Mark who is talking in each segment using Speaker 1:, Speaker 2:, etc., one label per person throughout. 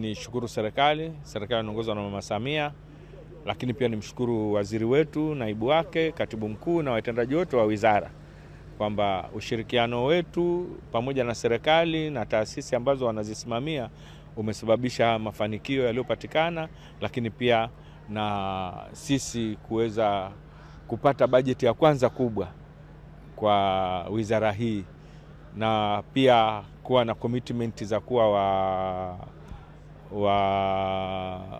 Speaker 1: Ni shukuru serikali, serikali inaongozwa na Mama Samia, lakini pia nimshukuru waziri wetu, naibu wake, katibu mkuu na watendaji wote wa wizara kwamba ushirikiano wetu pamoja na serikali na taasisi ambazo wanazisimamia umesababisha mafanikio yaliyopatikana, lakini pia na sisi kuweza kupata bajeti ya kwanza kubwa kwa wizara hii na pia kuwa na commitment za kuwa wa wa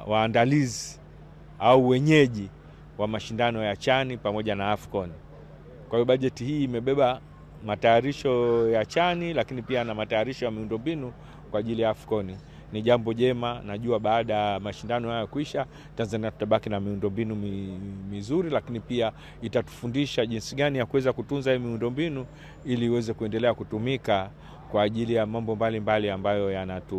Speaker 1: waandalizi au wenyeji wa mashindano ya Chani pamoja na Afcon. Kwa hiyo bajeti hii imebeba matayarisho ya Chani lakini pia na matayarisho ya miundombinu kwa ajili ya Afcon. Ni jambo jema, najua baada ya mashindano haya kuisha, Tanzania tutabaki na miundombinu mizuri, lakini pia itatufundisha jinsi gani ya kuweza kutunza hii miundombinu ili iweze kuendelea kutumika kwa ajili ya mambo mbalimbali mbali ambayo yanatu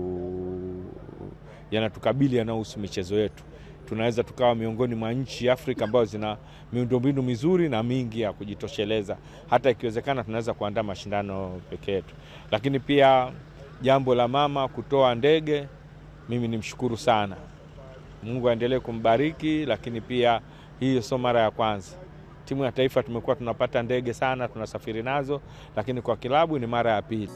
Speaker 1: yanatukabili yanayohusu michezo yetu. Tunaweza tukawa miongoni mwa nchi Afrika ambazo zina miundombinu mizuri na mingi ya kujitosheleza, hata ikiwezekana tunaweza kuandaa mashindano peke yetu. Lakini pia jambo la mama kutoa ndege, mimi nimshukuru sana Mungu aendelee kumbariki. Lakini pia hiyo sio mara ya kwanza timu ya taifa tumekuwa tunapata ndege sana, tunasafiri nazo, lakini kwa kilabu ni mara ya pili.